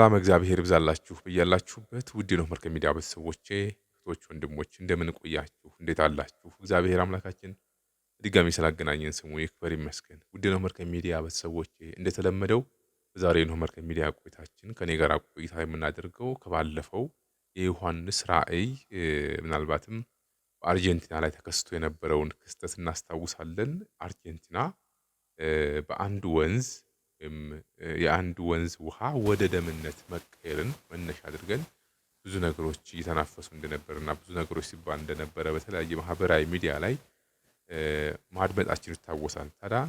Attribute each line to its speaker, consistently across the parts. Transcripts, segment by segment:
Speaker 1: ሰላም እግዚአብሔር ይብዛላችሁ ብያላችሁበት ውድ ነው መርከብ ሚዲያ ቤተሰቦቼ እህቶች፣ ወንድሞች እንደምን ቆያችሁ? እንዴት አላችሁ? እግዚአብሔር አምላካችን በድጋሚ ስላገናኘን ስሙ ይክበር ይመስገን። ውድ ነው መርከብ ሚዲያ ቤተሰቦቼ እንደተለመደው ዛሬ ነው መርከብ ሚዲያ ቆይታችን ከኔ ጋር ቆይታ የምናደርገው ከባለፈው የዮሐንስ ራእይ ምናልባትም በአርጀንቲና ላይ ተከስቶ የነበረውን ክስተት እናስታውሳለን። አርጀንቲና በአንድ ወንዝ ወይም የአንድ ወንዝ ውሃ ወደ ደምነት መቀየርን መነሻ አድርገን ብዙ ነገሮች እየተናፈሱ እንደነበርና ብዙ ነገሮች ሲባል እንደነበረ በተለያየ ማህበራዊ ሚዲያ ላይ ማድመጣችን ይታወሳል። ታዲያ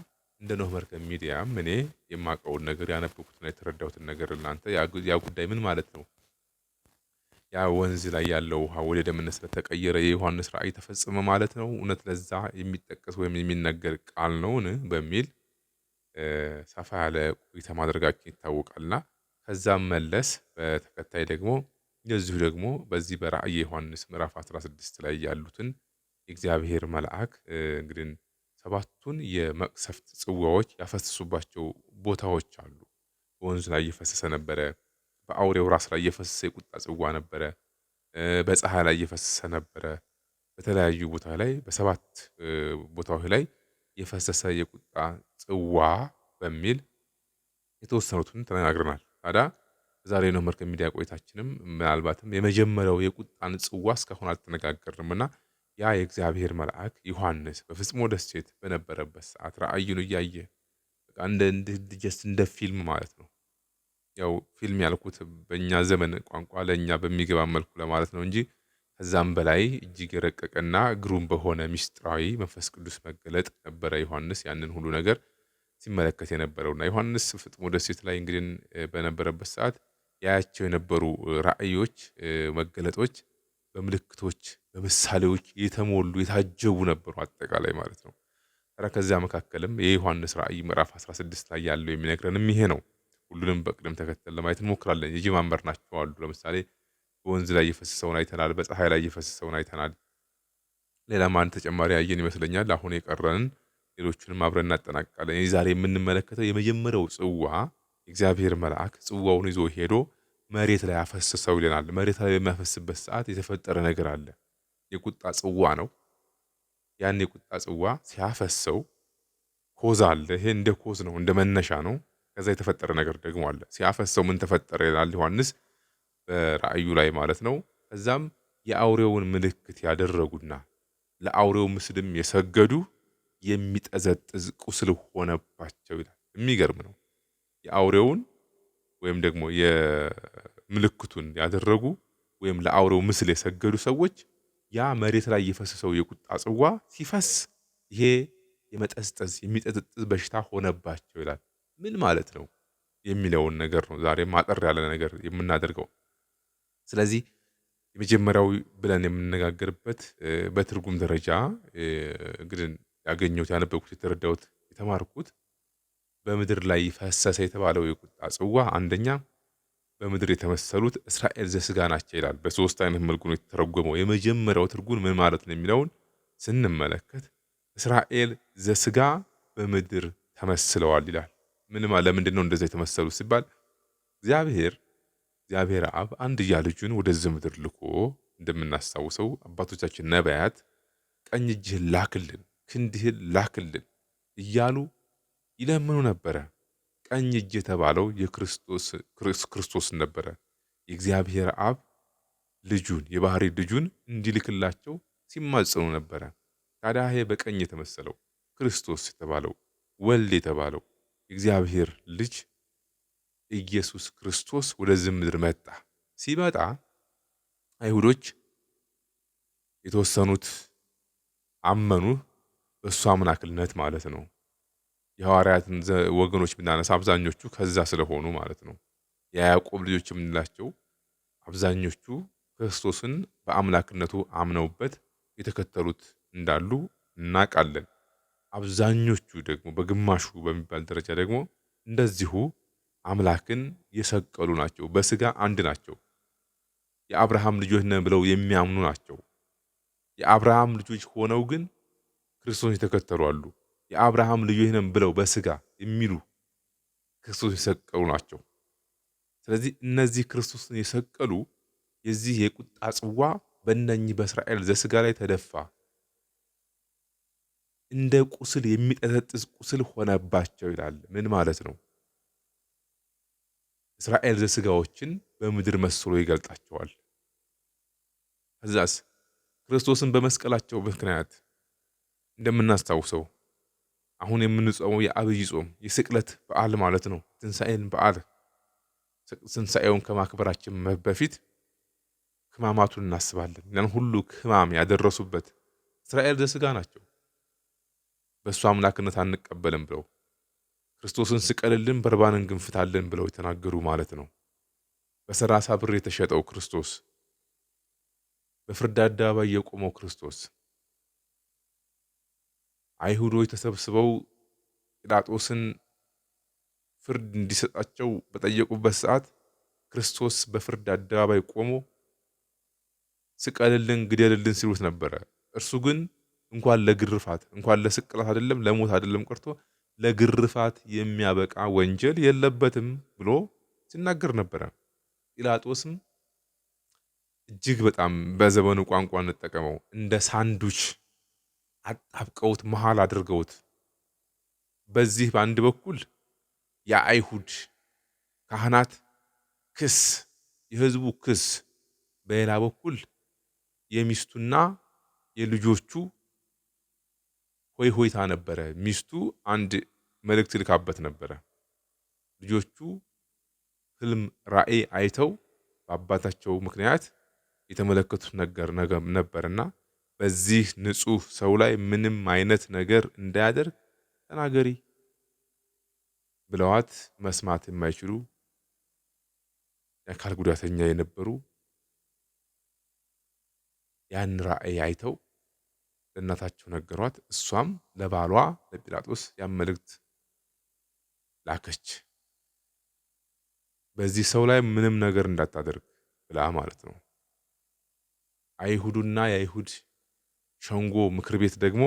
Speaker 1: እንደ ኖህ መርከብ ሚዲያም እኔ የማውቀውን ነገር ያነበኩትና የተረዳሁትን ነገር እናንተ ያ ጉዳይ ምን ማለት ነው፣ ያ ወንዝ ላይ ያለው ውሃ ወደ ደምነት ስለተቀየረ የዮሐንስ ራእይ ተፈጸመ ማለት ነው፣ እውነት ለዛ የሚጠቀስ ወይም የሚነገር ቃል ነውን በሚል ሰፋ ያለ ቆይታ ማድረጋችን ይታወቃል ከዛም መለስ በተከታይ ደግሞ እንደዚሁ ደግሞ በዚህ በራእየ ዮሐንስ ምዕራፍ 16 ላይ ያሉትን የእግዚአብሔር መልአክ እንግዲህ ሰባቱን የመቅሰፍት ጽዋዎች ያፈሰሱባቸው ቦታዎች አሉ። በወንዙ ላይ እየፈሰሰ ነበረ። በአውሬው ራስ ላይ እየፈሰሰ የቁጣ ጽዋ ነበረ። በፀሐይ ላይ እየፈሰሰ ነበረ። በተለያዩ ቦታ ላይ በሰባት ቦታዎች ላይ የፈሰሰ የቁጣ ጽዋ በሚል የተወሰኑትን ተነጋግረናል። ታዲያ ዛሬ ነው መርከብ ሚዲያ ቆይታችንም ምናልባትም የመጀመሪያው የቁጣን ጽዋ እስካሁን አልተነጋገርንም እና ያ የእግዚአብሔር መልአክ ዮሐንስ በፍጽሞ ደሴት በነበረበት ሰዓት ራእዩን እያየ በቃ እንደ እንደ ፊልም ማለት ነው። ያው ፊልም ያልኩት በእኛ ዘመን ቋንቋ ለእኛ በሚገባ መልኩ ለማለት ነው እንጂ ከዛም በላይ እጅግ የረቀቀና ግሩም በሆነ ምስጢራዊ መንፈስ ቅዱስ መገለጥ ነበረ ዮሐንስ ያንን ሁሉ ነገር ሲመለከት የነበረውና ዮሐንስ ፍጥሞ ደሴት ላይ እንግዲህ በነበረበት ሰዓት ያያቸው የነበሩ ራእዮች፣ መገለጦች በምልክቶች በምሳሌዎች የተሞሉ የታጀቡ ነበሩ አጠቃላይ ማለት ነው። ኧረ ከዚያ መካከልም የዮሐንስ ራእይ ምዕራፍ 16 ላይ ያለው የሚነግረንም ይሄ ነው። ሁሉንም በቅደም ተከተል ለማየት እንሞክራለን። የጅማንበር ናቸው አሉ ለምሳሌ በወንዝ ላይ እየፈሰሰውን አይተናል። በፀሐይ ላይ እየፈሰሰውን አይተናል። ሌላም አንድ ተጨማሪ ያየን ይመስለኛል። አሁን የቀረንን ሌሎቹንም አብረን እናጠናቅቃለን። ይህ ዛሬ የምንመለከተው የመጀመሪያው ጽዋ እግዚአብሔር መልአክ ጽዋውን ይዞ ሄዶ መሬት ላይ አፈሰሰው ይለናል። መሬት ላይ በሚያፈስበት ሰዓት የተፈጠረ ነገር አለ። የቁጣ ጽዋ ነው። ያን የቁጣ ጽዋ ሲያፈሰው ኮዝ አለ። ይሄ እንደ ኮዝ ነው፣ እንደ መነሻ ነው። ከዛ የተፈጠረ ነገር ደግሞ አለ። ሲያፈሰው ምን ተፈጠረ ይላል ዮሐንስ ራእዩ ላይ ማለት ነው። ከዛም የአውሬውን ምልክት ያደረጉና ለአውሬው ምስልም የሰገዱ የሚጠዘጥዝ ቁስል ሆነባቸው ይላል። የሚገርም ነው። የአውሬውን ወይም ደግሞ የምልክቱን ያደረጉ ወይም ለአውሬው ምስል የሰገዱ ሰዎች ያ መሬት ላይ የፈሰሰው የቁጣ ጽዋ ሲፈስ ይሄ የመጠዝጠዝ የሚጠዘጥዝ በሽታ ሆነባቸው ይላል። ምን ማለት ነው የሚለውን ነገር ነው ዛሬ ማጠር ያለ ነገር የምናደርገው። ስለዚህ የመጀመሪያው ብለን የምንነጋገርበት በትርጉም ደረጃ እንግዲህ ያገኘሁት፣ ያነበብኩት፣ የተረዳሁት፣ የተማርኩት በምድር ላይ ፈሰሰ የተባለው የቁጣ ጽዋ አንደኛ በምድር የተመሰሉት እስራኤል ዘስጋ ናቸው ይላል። በሶስት አይነት መልኩ ነው የተተረጎመው። የመጀመሪያው ትርጉም ምን ማለት ነው የሚለውን ስንመለከት እስራኤል ዘስጋ በምድር ተመስለዋል ይላል። ምን ለምንድን ነው የተመሰሉት ሲባል እግዚአብሔር እግዚአብሔር አብ አንድያ ልጁን ወደዚህ ምድር ልኮ እንደምናስታውሰው አባቶቻችን ነቢያት ቀኝ እጅህን ላክልን፣ ክንድህን ላክልን እያሉ ይለምኑ ነበረ። ቀኝ እጅ የተባለው ክርስቶስ ነበረ። የእግዚአብሔር አብ ልጁን የባህሪ ልጁን እንዲልክላቸው ሲማጽኑ ነበረ። ታዲያ ይሄ በቀኝ የተመሰለው ክርስቶስ የተባለው ወልድ የተባለው የእግዚአብሔር ልጅ ኢየሱስ ክርስቶስ ወደዚህ ምድር መጣ። ሲመጣ አይሁዶች የተወሰኑት አመኑ፣ በእሱ አምላክነት ማለት ነው። የሐዋርያትን ወገኖች ብናነሳ አብዛኞቹ ከዛ ስለሆኑ ማለት ነው። የያዕቆብ ልጆች የምንላቸው አብዛኞቹ ክርስቶስን በአምላክነቱ አምነውበት የተከተሉት እንዳሉ እናውቃለን። አብዛኞቹ ደግሞ በግማሹ በሚባል ደረጃ ደግሞ እንደዚሁ አምላክን የሰቀሉ ናቸው። በስጋ አንድ ናቸው። የአብርሃም ልጆች ነን ብለው የሚያምኑ ናቸው። የአብርሃም ልጆች ሆነው ግን ክርስቶስን የተከተሉ አሉ። የአብርሃም ልጆች ነን ብለው በስጋ የሚሉ ክርስቶስን የሰቀሉ ናቸው። ስለዚህ እነዚህ ክርስቶስን የሰቀሉ የዚህ የቁጣ ጽዋ በእነኚህ በእስራኤል ዘስጋ ላይ ተደፋ፣ እንደ ቁስል የሚጠጠጥስ ቁስል ሆነባቸው ይላል። ምን ማለት ነው? እስራኤል ዘስጋዎችን በምድር መስሎ ይገልጣቸዋል። ከዛስ ክርስቶስን በመስቀላቸው ምክንያት እንደምናስታውሰው አሁን የምንጾመው የአብይ ጾም የስቅለት በዓል ማለት ነው። ትንሣኤን በዓል ትንሣኤውን ከማክበራችን በፊት ሕማማቱን እናስባለን። ያን ሁሉ ሕማም ያደረሱበት እስራኤል ዘስጋ ናቸው፣ በእሱ አምላክነት አንቀበልም ብለው ክርስቶስን ስቀልልን በርባን እንግንፍታለን ብለው የተናገሩ ማለት ነው። በሰላሳ ብር የተሸጠው ክርስቶስ፣ በፍርድ አደባባይ የቆመው ክርስቶስ፣ አይሁዶች ተሰብስበው ጲላጦስን ፍርድ እንዲሰጣቸው በጠየቁበት ሰዓት ክርስቶስ በፍርድ አደባባይ ቆሞ ስቀልልን፣ ግደልልን ሲሉት ነበረ። እርሱ ግን እንኳን ለግርፋት እንኳን ለስቅላት አይደለም ለሞት አይደለም ቀርቶ ለግርፋት የሚያበቃ ወንጀል የለበትም ብሎ ሲናገር ነበረ። ጲላጦስም እጅግ በጣም በዘመኑ ቋንቋ እንጠቀመው እንደ ሳንዱች አጣብቀውት መሃል አድርገውት በዚህ በአንድ በኩል የአይሁድ ካህናት ክስ፣ የህዝቡ ክስ፣ በሌላ በኩል የሚስቱና የልጆቹ ሆይ ሆይታ ነበረ። ሚስቱ አንድ መልእክት ልካበት ነበረ። ልጆቹ ህልም ራእይ አይተው በአባታቸው ምክንያት የተመለከቱት ነገር ነበርና በዚህ ንጹህ ሰው ላይ ምንም አይነት ነገር እንዳያደርግ ተናገሪ ብለዋት መስማት የማይችሉ የአካል ጉዳተኛ የነበሩ ያን ራእይ አይተው ለእናታቸው ነገሯት። እሷም ለባሏ ለጲላጦስ ያን መልእክት ላከች። በዚህ ሰው ላይ ምንም ነገር እንዳታደርግ ብላ ማለት ነው። አይሁዱና የአይሁድ ሸንጎ ምክር ቤት ደግሞ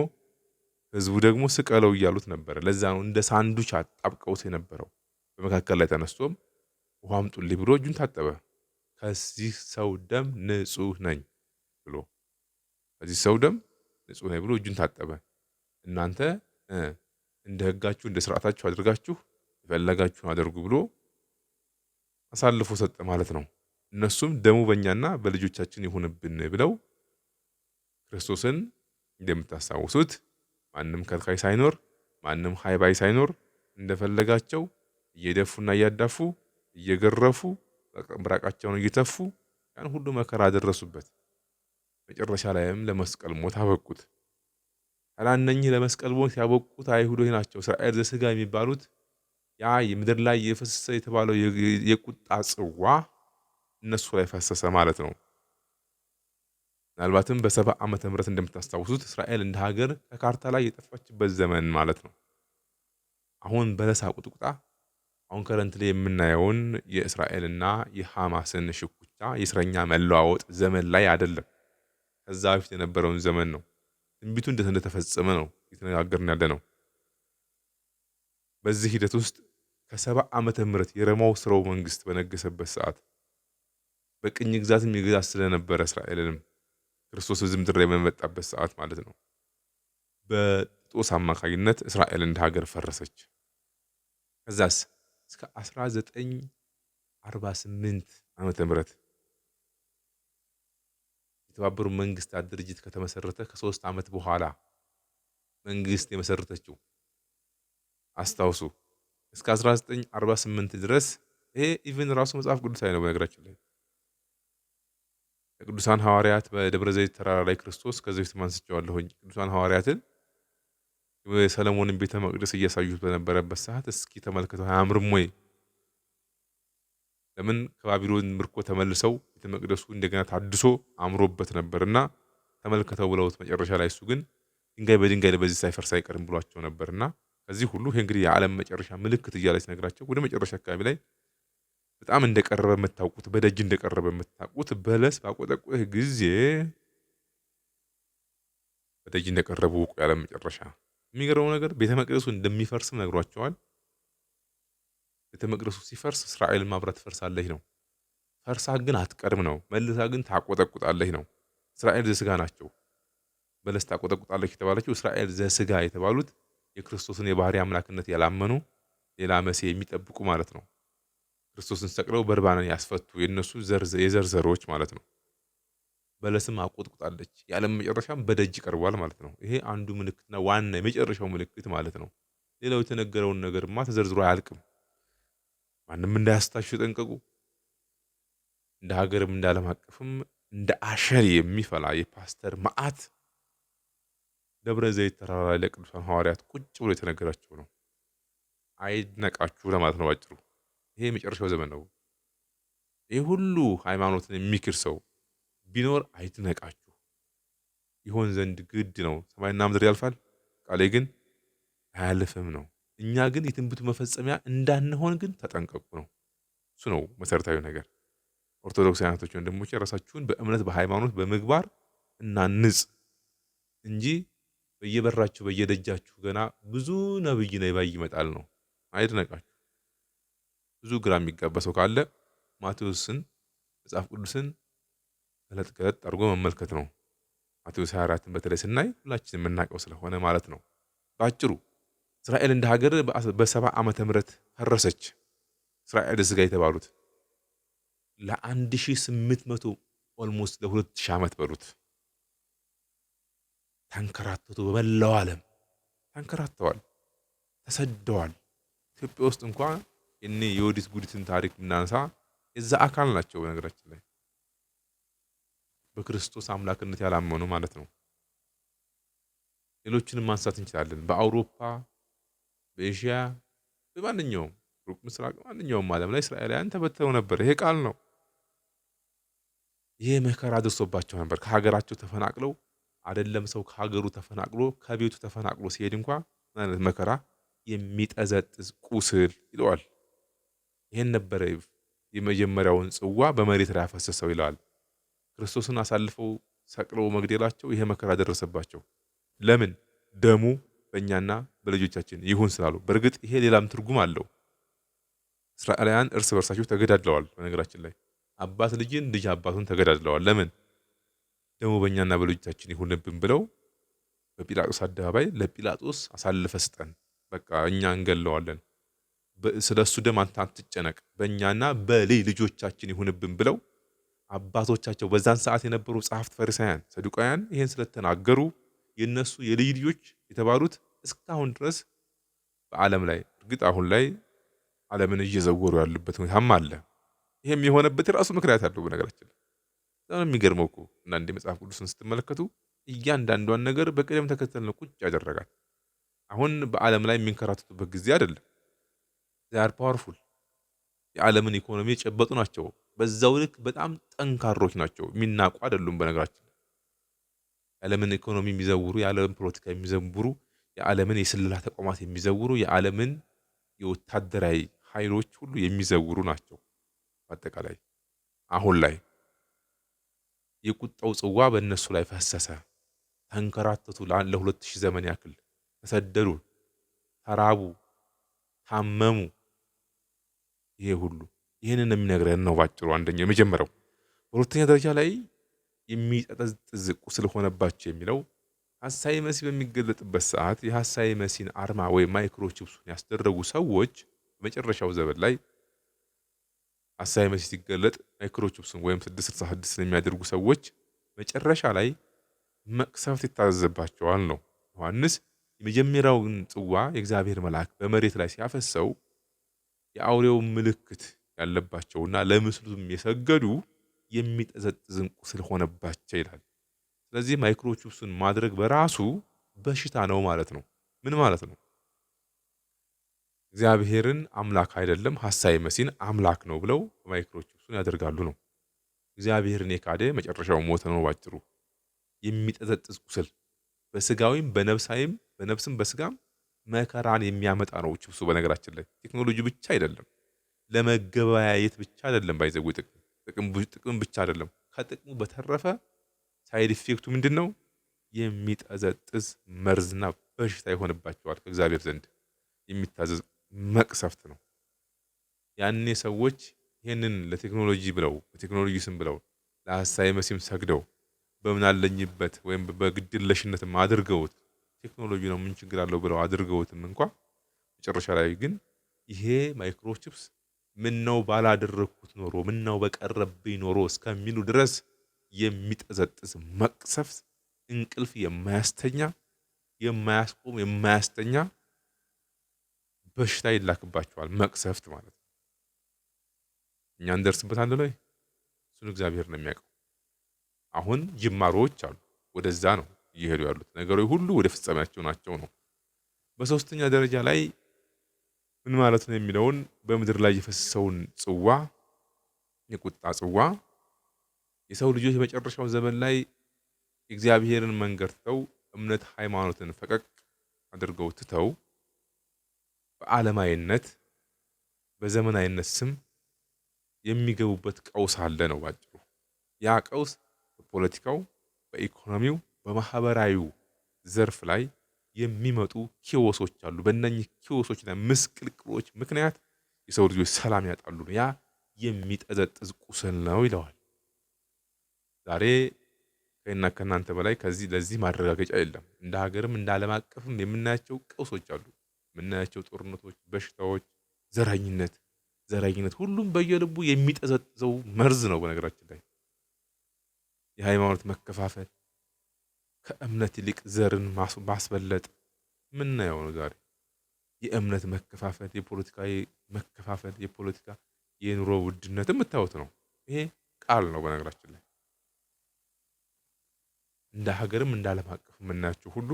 Speaker 1: ህዝቡ ደግሞ ስቀለው እያሉት ነበረ። ለዛ ነው እንደ ሳንዱች አጣብቀውት የነበረው። በመካከል ላይ ተነስቶም ውሃም አምጡልኝ ብሎ እጁን ታጠበ። ከዚህ ሰው ደም ንጹህ ነኝ ብሎ ከዚህ ሰው ደም ንጹህ ነኝ ብሎ እጁን ታጠበ። እናንተ እንደ ህጋችሁ እንደ ስርዓታችሁ አድርጋችሁ የፈለጋችሁን አድርጉ ብሎ አሳልፎ ሰጠ ማለት ነው። እነሱም ደሙ በእኛና በልጆቻችን ይሁንብን ብለው ክርስቶስን እንደምታስታውሱት ማንም ከልካይ ሳይኖር ማንም ሀይባይ ሳይኖር እንደፈለጋቸው እየደፉና እያዳፉ እየገረፉ ምራቃቸውን እየተፉ ያን ሁሉ መከራ አደረሱበት። መጨረሻ ላይም ለመስቀል ሞት አበቁት። እነኚህ ለመስቀል ሞት ያበቁት አይሁዶች ናቸው። እስራኤል ዘስጋ የሚባሉት ያ የምድር ላይ የፈሰሰ የተባለው የቁጣ ጽዋ እነሱ ላይ ፈሰሰ ማለት ነው። ምናልባትም በሰባ ዓመተ ምህረት እንደምታስታውሱት እስራኤል እንደ ሀገር ከካርታ ላይ የጠፋችበት ዘመን ማለት ነው። አሁን በለሳ ቁጥቁጣ አሁን ከረንት ላይ የምናየውን የእስራኤልና የሐማስን ሽኩቻ የእስረኛ መለዋወጥ ዘመን ላይ አይደለም። ከዛ በፊት የነበረውን ዘመን ነው። ትንቢቱ እንደት እንደተፈጸመ ነው የተነጋገርን ያለ ነው። በዚህ ሂደት ውስጥ ከሰባ ዓመተ ምህረት የረማው ስርወ መንግስት በነገሰበት ሰዓት በቅኝ ግዛትም ይገዛት ስለነበረ እስራኤልንም ክርስቶስ በዚህ ምድር ላይ በመጣበት ሰዓት ማለት ነው። በጦስ አማካኝነት እስራኤል እንደ ሀገር ፈረሰች። ከዛስ እስከ 1948 ዓመተ ምህረት የተባበሩ መንግስታት ድርጅት ከተመሰረተ ከሶስት ዓመት በኋላ መንግስት የመሰረተችው አስታውሱ። እስከ 1948 ድረስ ይሄ ኢቨን ራሱ መጽሐፍ ቅዱሳዊ ነው። በነገራችን ላይ የቅዱሳን ሐዋርያት በደብረ ዘይት ተራራ ላይ ክርስቶስ ከዚህ በፊት ማንስቸዋለሁኝ። ቅዱሳን ሐዋርያትን የሰለሞንን ቤተ መቅደስ እያሳዩት በነበረበት ሰዓት እስኪ ተመልክተው አያምርም ወይ? ለምን ከባቢሎን ምርኮ ተመልሰው ቤተ መቅደሱ እንደገና ታድሶ አምሮበት ነበርና ተመልከተው ብለውት መጨረሻ ላይ እሱ ግን ድንጋይ በድንጋይ በዚህ ሳይፈርስ አይቀርም ብሏቸው ነበርና ከዚህ ሁሉ ይሄ እንግዲህ የዓለም መጨረሻ ምልክት እያለ ሲነግራቸው ወደ መጨረሻ አካባቢ ላይ በጣም እንደቀረበ የምታውቁት በደጅ እንደቀረበ የምታውቁት በለስ ባቆጠቆህ ጊዜ በደጅ እንደቀረቡ ውቁ የዓለም መጨረሻ። የሚገርመው ነገር ቤተ መቅደሱ እንደሚፈርስም ነግሯቸዋል። ቤተ መቅደሱ ሲፈርስ እስራኤልን ማብራት ትፈርሳለች ነው። ፈርሳ ግን አትቀርም ነው። መልሳ ግን ታቆጠቁጣለች ነው። እስራኤል ዘስጋ ናቸው። መለስ ታቆጠቁጣለች የተባለችው እስራኤል ዘስጋ የተባሉት የክርስቶስን የባህሪ አምላክነት ያላመኑ ሌላ መሴ የሚጠብቁ ማለት ነው። ክርስቶስን ሰቅለው በርባንን ያስፈቱ የእነሱ የዘርዘሮች ማለት ነው። በለስም አቆጥቁጣለች የዓለም መጨረሻም በደጅ ቀርቧል ማለት ነው። ይሄ አንዱ ምልክትና ዋና የመጨረሻው ምልክት ማለት ነው። ሌላው የተነገረውን ነገርማ ተዘርዝሮ አያልቅም። ማንም እንዳያስታችሁ ጠንቀቁ። እንደ ሀገርም እንደ ዓለም አቀፍም እንደ አሸር የሚፈላ የፓስተር መዓት ደብረ ዘይት ተራራ ላይ ለቅዱሳን ሐዋርያት ቁጭ ብሎ የተነገራቸው ነው። አይድነቃችሁ ለማለት ነው ባጭሩ። ይሄ የመጨረሻው ዘመን ነው። ይህ ሁሉ ሃይማኖትን የሚክር ሰው ቢኖር አይድነቃችሁ ይሆን ዘንድ ግድ ነው። ሰማይና ምድር ያልፋል፣ ቃሌ ግን አያልፍም ነው። እኛ ግን የትንቢቱ መፈጸሚያ እንዳንሆን ግን ተጠንቀቁ ነው። እሱ ነው መሰረታዊ ነገር። ኦርቶዶክስ አይነቶች ወንድሞቼ ራሳችሁን በእምነት በሃይማኖት በምግባር እናንጽ እንጂ በየበራችሁ በየደጃችሁ ገና ብዙ ነብይ ነይባይ ይመጣል ነው አይድነቃችሁ። ብዙ ግራ የሚጋባ ሰው ካለ ማቴዎስን መጽሐፍ ቅዱስን ገለጥ ገለጥ አድርጎ መመልከት ነው። ማቴዎስ 24ን በተለይ ስናይ ሁላችን የምናውቀው ስለሆነ ማለት ነው። በአጭሩ እስራኤል እንደ ሀገር በሰባ ዓመተ ምህረት ፈረሰች። እስራኤል ስጋ የተባሉት ለ1800 ኦልሞስት ለ2000 ዓመት በሉት ተንከራተቱ። በመላው ዓለም ተንከራተዋል፣ ተሰደዋል። ኢትዮጵያ ውስጥ እንኳን እኔ የወዲት ጉዲትን ታሪክ ብናነሳ የዛ አካል ናቸው። በነገራችን ላይ በክርስቶስ አምላክነት ያላመኑ ማለት ነው። ሌሎችንም ማንሳት እንችላለን። በአውሮፓ፣ በኤዥያ፣ በማንኛውም ሩቅ ምስራቅ ማንኛውም ዓለም ላይ እስራኤላውያን ተበተነው ነበር። ይሄ ቃል ነው። ይህ መከራ ደርሶባቸው ነበር። ከሀገራቸው ተፈናቅለው አይደለም ሰው ከሀገሩ ተፈናቅሎ ከቤቱ ተፈናቅሎ ሲሄድ እንኳ ምን አይነት መከራ የሚጠዘጥዝ ቁስል ይለዋል። ይህን ነበረ የመጀመሪያውን ጽዋ በመሬት ላይ ያፈሰሰው ይለዋል። ክርስቶስን አሳልፈው ሰቅለው መግደላቸው ይሄ መከራ ደረሰባቸው። ለምን ደሙ በእኛና በልጆቻችን ይሁን ስላሉ። በእርግጥ ይሄ ሌላም ትርጉም አለው። እስራኤላውያን እርስ በርሳቸው ተገዳድለዋል። በነገራችን ላይ አባት ልጅን ልጅ አባቱን ተገዳድለዋል። ለምን ደግሞ በእኛና በልጅታችን ይሁንብን ብለው በጲላጦስ አደባባይ ለጲላጦስ አሳልፈ ስጠን፣ በቃ እኛ እንገለዋለን፣ ስለ እሱ ደም አንተ አትጨነቅ፣ በእኛና በልጅ ልጆቻችን ይሁንብን ብለው አባቶቻቸው በዛን ሰዓት የነበሩ ጸሐፍት ፈሪሳውያን፣ ሰዱቃውያን ይህን ስለተናገሩ የእነሱ የልጅ ልጆች የተባሉት እስካሁን ድረስ በዓለም ላይ እርግጥ አሁን ላይ ዓለምን እየዘወሩ ያሉበት ሁኔታም አለ። ይሄ የሚሆነበት የራሱ ምክንያት አለው። በነገራችን በጣም የሚገርመው እኮ እናንዴ መጽሐፍ ቅዱስን ስትመለከቱ እያንዳንዷን ነገር በቅደም ተከተል ነው ቁጭ ያደረጋል። አሁን በዓለም ላይ የሚንከራተቱበት ጊዜ አይደለም። ዚያር ፓወርፉል የዓለምን ኢኮኖሚ የጨበጡ ናቸው። በዛው ልክ በጣም ጠንካሮች ናቸው። የሚናቁ አይደሉም። በነገራችን የዓለምን ኢኮኖሚ የሚዘውሩ፣ የዓለምን ፖለቲካ የሚዘውሩ፣ የዓለምን የስለላ ተቋማት የሚዘውሩ፣ የዓለምን የወታደራዊ ኃይሎች ሁሉ የሚዘውሩ ናቸው። አጠቃላይ አሁን ላይ የቁጣው ጽዋ በእነሱ ላይ ፈሰሰ። ተንከራተቱ፣ ለሁለት ሺህ ዘመን ያክል ተሰደዱ፣ ተራቡ፣ ታመሙ። ይሄ ሁሉ ይህንን የሚነግረን ነው ባጭሩ። አንደኛው የመጀመሪያው። በሁለተኛ ደረጃ ላይ የሚጠጠዝጥዝ ቁስል ሆነባቸው የሚለው ሐሳዊ መሲ በሚገለጥበት ሰዓት የሐሳዊ መሲን አርማ ወይም ማይክሮቺፕሱን ያስደረጉ ሰዎች በመጨረሻው ዘመን ላይ አሳይመንት ሲገለጥ ማይክሮቺፕስን ወይም 666 የሚያደርጉ ሰዎች መጨረሻ ላይ መቅሰፍት ይታዘዝባቸዋል ነው። ዮሐንስ የመጀመሪያውን ጽዋ የእግዚአብሔር መልአክ በመሬት ላይ ሲያፈሰው የአውሬው ምልክት ያለባቸውና ለምስሉም የሰገዱ የሚጠዘጥዝ ቁስል ሆነባቸው ይላል። ስለዚህ ማይክሮቺፕሱን ማድረግ በራሱ በሽታ ነው ማለት ነው። ምን ማለት ነው? እግዚአብሔርን አምላክ አይደለም ሐሳዌ መሲን አምላክ ነው ብለው ማይክሮቺፕሱን ያደርጋሉ ነው። እግዚአብሔርን የካደ መጨረሻው ሞት ነው ባጭሩ። የሚጠዘጥዝ ቁስል በስጋዊም በነብሳዊም በነብስም በስጋም መከራን የሚያመጣ ነው ቺፕሱ። በነገራችን ላይ ቴክኖሎጂ ብቻ አይደለም፣ ለመገበያየት ብቻ አይደለም፣ ባይዘጉ ጥቅም ብቻ አይደለም። ከጥቅሙ በተረፈ ሳይድ ኢፌክቱ ምንድን ነው? የሚጠዘጥዝ መርዝና በሽታ ይሆንባቸዋል ከእግዚአብሔር ዘንድ የሚታዘዝ መቅሰፍት ነው። ያኔ ሰዎች ይህንን ለቴክኖሎጂ ብለው በቴክኖሎጂ ስም ብለው ለሐሳዌ መሲም ሰግደው በምናለኝበት ወይም በግድለሽነትም አድርገውት ቴክኖሎጂ ነው ምን ችግር አለው ብለው አድርገውትም እንኳ መጨረሻ ላይ ግን ይሄ ማይክሮቺፕስ ነው ባላደረግኩት ኖሮ ነው በቀረብኝ ኖሮ እስከሚሉ ድረስ የሚጠዘጥዝ መቅሰፍት እንቅልፍ የማያስተኛ የማያስቆም የማያስተኛ በሽታ ይላክባቸዋል። መቅሰፍት ማለት ነው። እኛ እንደርስበታለን ላይ እሱን እግዚአብሔር ነው የሚያውቀው። አሁን ጅማሮዎች አሉ። ወደዛ ነው እየሄዱ ያሉት ነገሮች ሁሉ ወደ ፍጻሜያቸው ናቸው ነው። በሶስተኛ ደረጃ ላይ ምን ማለት ነው የሚለውን በምድር ላይ የፈሰሰውን ጽዋ የቁጣ ጽዋ የሰው ልጆች የመጨረሻው ዘመን ላይ እግዚአብሔርን መንገድ ትተው እምነት ሃይማኖትን ፈቀቅ አድርገው ትተው በዓለማዊነት በዘመናዊነት ስም የሚገቡበት ቀውስ አለ ነው ባጭሩ። ያ ቀውስ በፖለቲካው፣ በኢኮኖሚው፣ በማህበራዊው ዘርፍ ላይ የሚመጡ ኪዎሶች አሉ። በእነኚህ ኪዎሶችና ምስቅልቅሎች ምክንያት የሰው ልጆች ሰላም ያጣሉ። ያ የሚጠዘጥዝ ቁስል ነው ይለዋል። ዛሬ ከእና ከእናንተ በላይ ከዚህ ለዚህ ማረጋገጫ የለም። እንደ ሀገርም እንደ ዓለም አቀፍም የምናያቸው ቀውሶች አሉ። የምናያቸው ጦርነቶች፣ በሽታዎች፣ ዘረኝነት ዘረኝነት ሁሉም በየልቡ የሚጠዘጥዘው መርዝ ነው። በነገራችን ላይ የሃይማኖት መከፋፈል፣ ከእምነት ይልቅ ዘርን ማስበለጥ የምናየው ነው ዛሬ። የእምነት መከፋፈል፣ የፖለቲካ መከፋፈል፣ የፖለቲካ የኑሮ ውድነት የምታዩት ነው። ይሄ ቃል ነው በነገራችን ላይ እንደ ሀገርም እንደ ዓለም አቀፍ የምናያቸው ሁሉ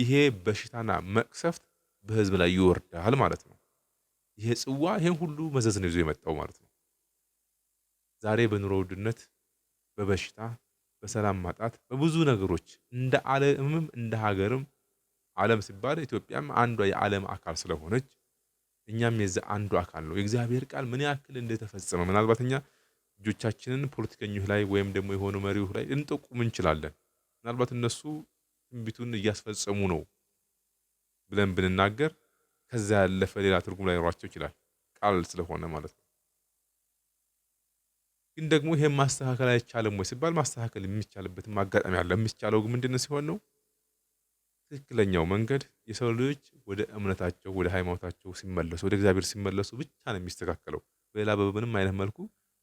Speaker 1: ይሄ በሽታና መቅሰፍት በህዝብ ላይ ይወርዳል ማለት ነው። ይሄ ጽዋ ይሄን ሁሉ መዘዝ ነው ይዞ የመጣው ማለት ነው። ዛሬ በኑሮ ውድነት፣ በበሽታ፣ በሰላም ማጣት፣ በብዙ ነገሮች እንደ ዓለምም እንደ ሀገርም ዓለም ሲባል ኢትዮጵያም አንዷ የዓለም አካል ስለሆነች እኛም የዛ አንዱ አካል ነው። የእግዚአብሔር ቃል ምን ያክል እንደተፈጸመ ምናልባት እኛ እጆቻችንን ፖለቲከኞች ላይ ወይም ደግሞ የሆኑ መሪዎች ላይ ልንጠቁም እንችላለን። ምናልባት እነሱ ትንቢቱን እያስፈጸሙ ነው ብለን ብንናገር ከዛ ያለፈ ሌላ ትርጉም ላይኖራቸው ይችላል። ቃል ስለሆነ ማለት ነው። ግን ደግሞ ይሄ ማስተካከል አይቻልም ወይ ሲባል ማስተካከል የሚቻልበትም አጋጣሚ አለ። የሚቻለው ግን ምንድን ሲሆን ነው? ትክክለኛው መንገድ የሰው ልጆች ወደ እምነታቸው ወደ ሃይማኖታቸው ሲመለሱ ወደ እግዚአብሔር ሲመለሱ ብቻ ነው የሚስተካከለው። በሌላ በምንም አይነት መልኩ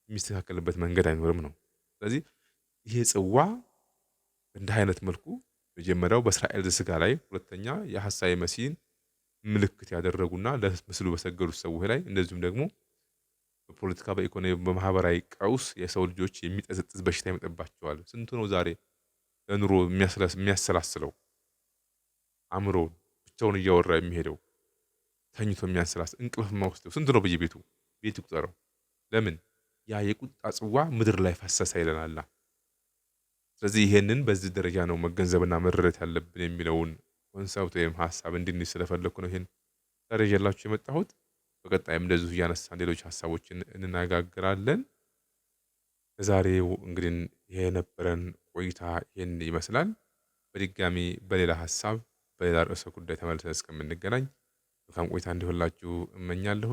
Speaker 1: የሚስተካከልበት መንገድ አይኖርም ነው። ስለዚህ ይሄ ጽዋ እንደ አይነት መልኩ መጀመሪያው በእስራኤል ዘሥጋ ላይ፣ ሁለተኛ የሐሳዌ መሲህን ምልክት ያደረጉና ለምስሉ በሰገዱት ሰዎች ላይ እንደዚሁም ደግሞ በፖለቲካ በኢኮኖሚ በማህበራዊ ቀውስ የሰው ልጆች የሚጠዘጥዝ በሽታ ይመጥባቸዋል ስንቱ ነው ዛሬ ለኑሮ የሚያሰላስለው አእምሮ ብቻውን እያወራ የሚሄደው ተኝቶ የሚያንስላስ እንቅልፍ የማይወስደው ስንት ነው በየቤቱ ቤት ይቁጠረው። ለምን ያ የቁጣ ጽዋ ምድር ላይ ፈሰሰ ይለናልና። ስለዚህ ይሄንን በዚህ ደረጃ ነው መገንዘብና መረዳት ያለብን የሚለውን ኮንሰብት ወይም ሀሳብ እንድንይዝ ስለፈለግኩ ነው ይህን ተረጀላችሁ የመጣሁት። በቀጣይም እንደዚሁ እያነሳን ሌሎች ሀሳቦችን እንነጋገራለን። ለዛሬው እንግዲህ የነበረን ቆይታ ይህን ይመስላል። በድጋሚ በሌላ ሀሳብ በሌላ ርዕሰ ጉዳይ ተመልሰን እስከምንገናኝ መልካም ቆይታ እንዲሆንላችሁ እመኛለሁ።